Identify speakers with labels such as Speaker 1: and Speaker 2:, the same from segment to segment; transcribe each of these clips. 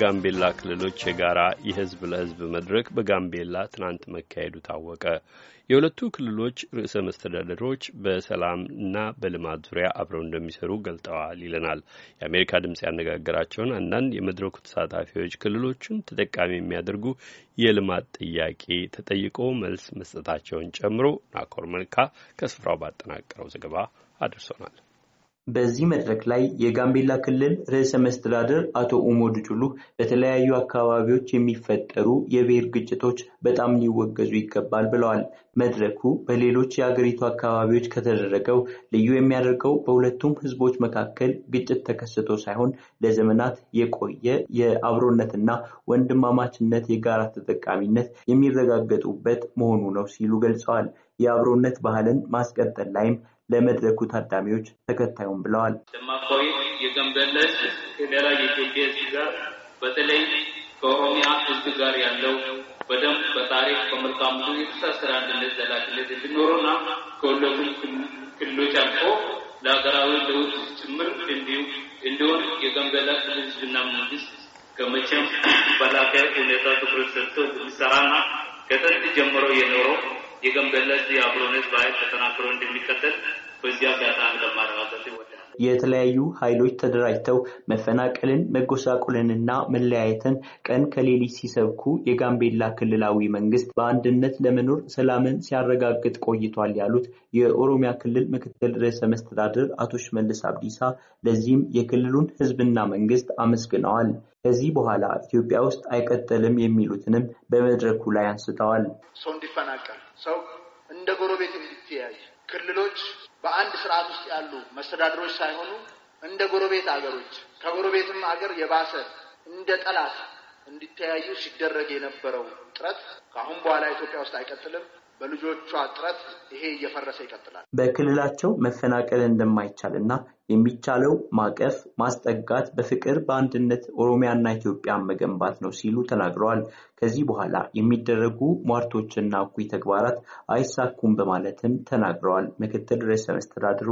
Speaker 1: ጋምቤላ ክልሎች የጋራ የህዝብ ለህዝብ መድረክ በጋምቤላ ትናንት መካሄዱ ታወቀ። የሁለቱ ክልሎች ርዕሰ መስተዳደሮች በሰላምና በልማት ዙሪያ አብረው እንደሚሰሩ ገልጠዋል ይለናል። የአሜሪካ ድምፅ ያነጋገራቸውን አንዳንድ የመድረኩ ተሳታፊዎች ክልሎቹን ተጠቃሚ የሚያደርጉ የልማት ጥያቄ ተጠይቆ መልስ መስጠታቸውን ጨምሮ ናኮር መልካ ከስፍራው ባጠናቀረው ዘገባ አድርሶናል። በዚህ መድረክ ላይ የጋምቤላ ክልል ርዕሰ መስተዳድር አቶ ኡሞድ ጁሉ በተለያዩ አካባቢዎች የሚፈጠሩ የብሔር ግጭቶች በጣም ሊወገዙ ይገባል ብለዋል። መድረኩ በሌሎች የአገሪቱ አካባቢዎች ከተደረገው ልዩ የሚያደርገው በሁለቱም ሕዝቦች መካከል ግጭት ተከስቶ ሳይሆን ለዘመናት የቆየ የአብሮነትና ወንድማማችነት የጋራ ተጠቃሚነት የሚረጋገጡበት መሆኑ ነው ሲሉ ገልጸዋል። የአብሮነት ባህልን ማስቀጠል ላይም ለመድረኩ ታዳሚዎች ተከታዩም ብለዋል።
Speaker 2: ደማቆይ የጋምቤላ ፌዴራል የኢትዮጵያ ህዝብ ጋር በተለይ ከኦሮሚያ ህዝብ ጋር ያለው በደም በታሪክ በመልካም ብዙ የተሳሰረ አንድነት ዘላቂነት እንዲኖረውና ከሁለቱም ክልሎች አልፎ ለሀገራዊ ለውጥ ጭምር እንዲሁ እንዲሆን የገንበላ ክልል ህዝብና መንግስት ከመቼም በላቀ ሁኔታ ትኩረት ሰጥቶ እንዲሰራና ከጥንት ጀምሮ የኖረው የገንበለድ የአብሮነት ባህል ተጠናክሮ እንደሚቀጥል
Speaker 1: የተለያዩ ኃይሎች ተደራጅተው መፈናቀልን፣ መጎሳቆልንና መለያየትን ቀን ከሌሊት ሲሰብኩ የጋምቤላ ክልላዊ መንግስት በአንድነት ለመኖር ሰላምን ሲያረጋግጥ ቆይቷል ያሉት የኦሮሚያ ክልል ምክትል ርዕሰ መስተዳድር አቶ ሽመልስ አብዲሳ ለዚህም የክልሉን ህዝብና መንግስት አመስግነዋል። ከዚህ በኋላ ኢትዮጵያ ውስጥ አይቀጥልም የሚሉትንም በመድረኩ ላይ አንስተዋል።
Speaker 2: ሰው እንዲፈናቀል፣ ሰው እንደ ጎረቤት እንዲተያይ፣ ክልሎች በአንድ ስርዓት ውስጥ ያሉ መስተዳድሮች ሳይሆኑ እንደ ጎረቤት አገሮች ከጎረቤትም አገር የባሰ እንደ ጠላት እንዲተያዩ ሲደረግ የነበረው ጥረት ከአሁን በኋላ ኢትዮጵያ ውስጥ አይቀጥልም። በልጆቿ ጥረት ይሄ እየፈረሰ ይቀጥላል።
Speaker 1: በክልላቸው መፈናቀል እንደማይቻል እና የሚቻለው ማቀፍ ማስጠጋት፣ በፍቅር በአንድነት ኦሮሚያና ኢትዮጵያን መገንባት ነው ሲሉ ተናግረዋል። ከዚህ በኋላ የሚደረጉ ሟርቶችና እኩይ ተግባራት አይሳኩም በማለትም ተናግረዋል። ምክትል ርዕሰ መስተዳድሩ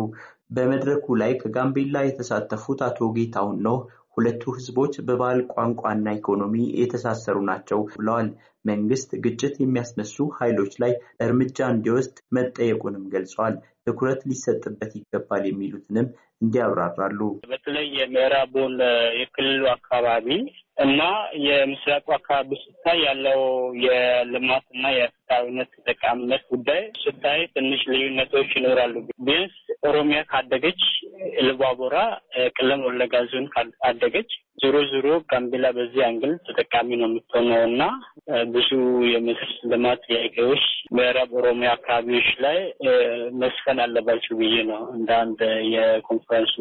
Speaker 1: በመድረኩ ላይ ከጋምቤላ የተሳተፉት አቶ ጌታሁን ነው ሁለቱ ህዝቦች በባህል ቋንቋና ኢኮኖሚ የተሳሰሩ ናቸው ብለዋል። መንግስት ግጭት የሚያስነሱ ኃይሎች ላይ እርምጃ እንዲወስድ መጠየቁንም ገልጸዋል። ትኩረት ሊሰጥበት ይገባል የሚሉትንም እንዲያብራራሉ።
Speaker 2: በተለይ የምዕራቡን የክልሉ አካባቢ እና የምስራቁ አካባቢ ስታይ ያለው የልማትና የፍትሐዊነት ተጠቃሚነት ጉዳይ ስታይ ትንሽ ልዩነቶች ይኖራሉ። ቢያንስ ኦሮሚያ ካደገች ልቧቦራ ቅለም ወለጋ ዞን አደገች። ዞሮ ዞሮ ጋምቤላ በዚህ አንግል ተጠቃሚ ነው የምትሆነው እና ብዙ የመሰረተ ልማት ጥያቄዎች ምዕራብ ኦሮሚያ አካባቢዎች ላይ መስፈን አለባቸው ብዬ ነው እንደ አንድ የኮንፈረንሱ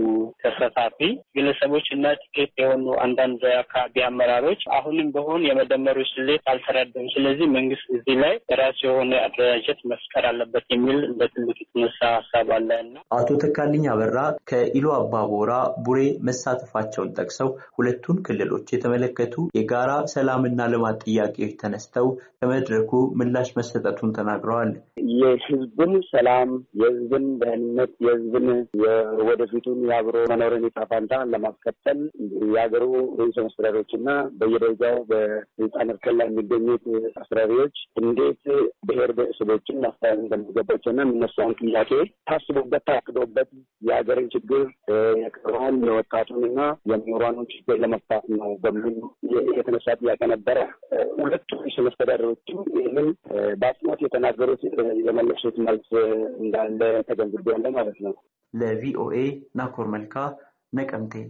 Speaker 2: ተሳታፊ ግለሰቦች እና ጥቂት የሆኑ አንዳንድ አካባቢ አመራሮች አሁንም በሆን የመደመሩ ስሌት አልተረዳም። ስለዚህ መንግስት እዚህ ላይ ራሱ የሆነ አደራጀት መፍጠር አለበት የሚል እንደ ትልቅ የተነሳ ሀሳብ አለ እና
Speaker 1: አቶ ተካልኝ አበራ ከኢሉ አባቦራ ቡሬ መሳተፋቸውን ጠቅሰው ሁለቱን ክልሎች የተመለከቱ የጋራ ሰላምና ልማት ጥያቄዎች ተነስተው በመድረኩ ምላሽ መሰጠቱን ተናግረዋል።
Speaker 2: የህዝብን ሰላም፣ የህዝብን ደህንነት፣ የህዝብን ወደፊቱን የአብሮ መኖርን ጣፋንታ ለማስቀጠል የሀገሩ ርዕሰ እና በየደረጃው በስልጣን እርከን ላይ የሚገኙት አስተዳዳሪዎች እንዴት ብሔር ብሔረሰቦችን እንደሚገባቸው እንደሚገባቸውና የሚነሳውን ጥያቄ ታስቦበት ታቅዶበት የሀገርን ችግር የቀረውን እና የምሁራኑን ችግር ለመፍታት ነው በሚል የተነሳ ጥያቄ ነበረ። ሁለቱ ርዕሰ መስተዳድሮችም ይህንን በአጽንኦት የተናገሩት የመለሱት መልስ እንዳለ ተገንዝቤያለሁ ማለት ነው።
Speaker 1: ለቪኦኤ ናኮር መልካ ነቀምቴ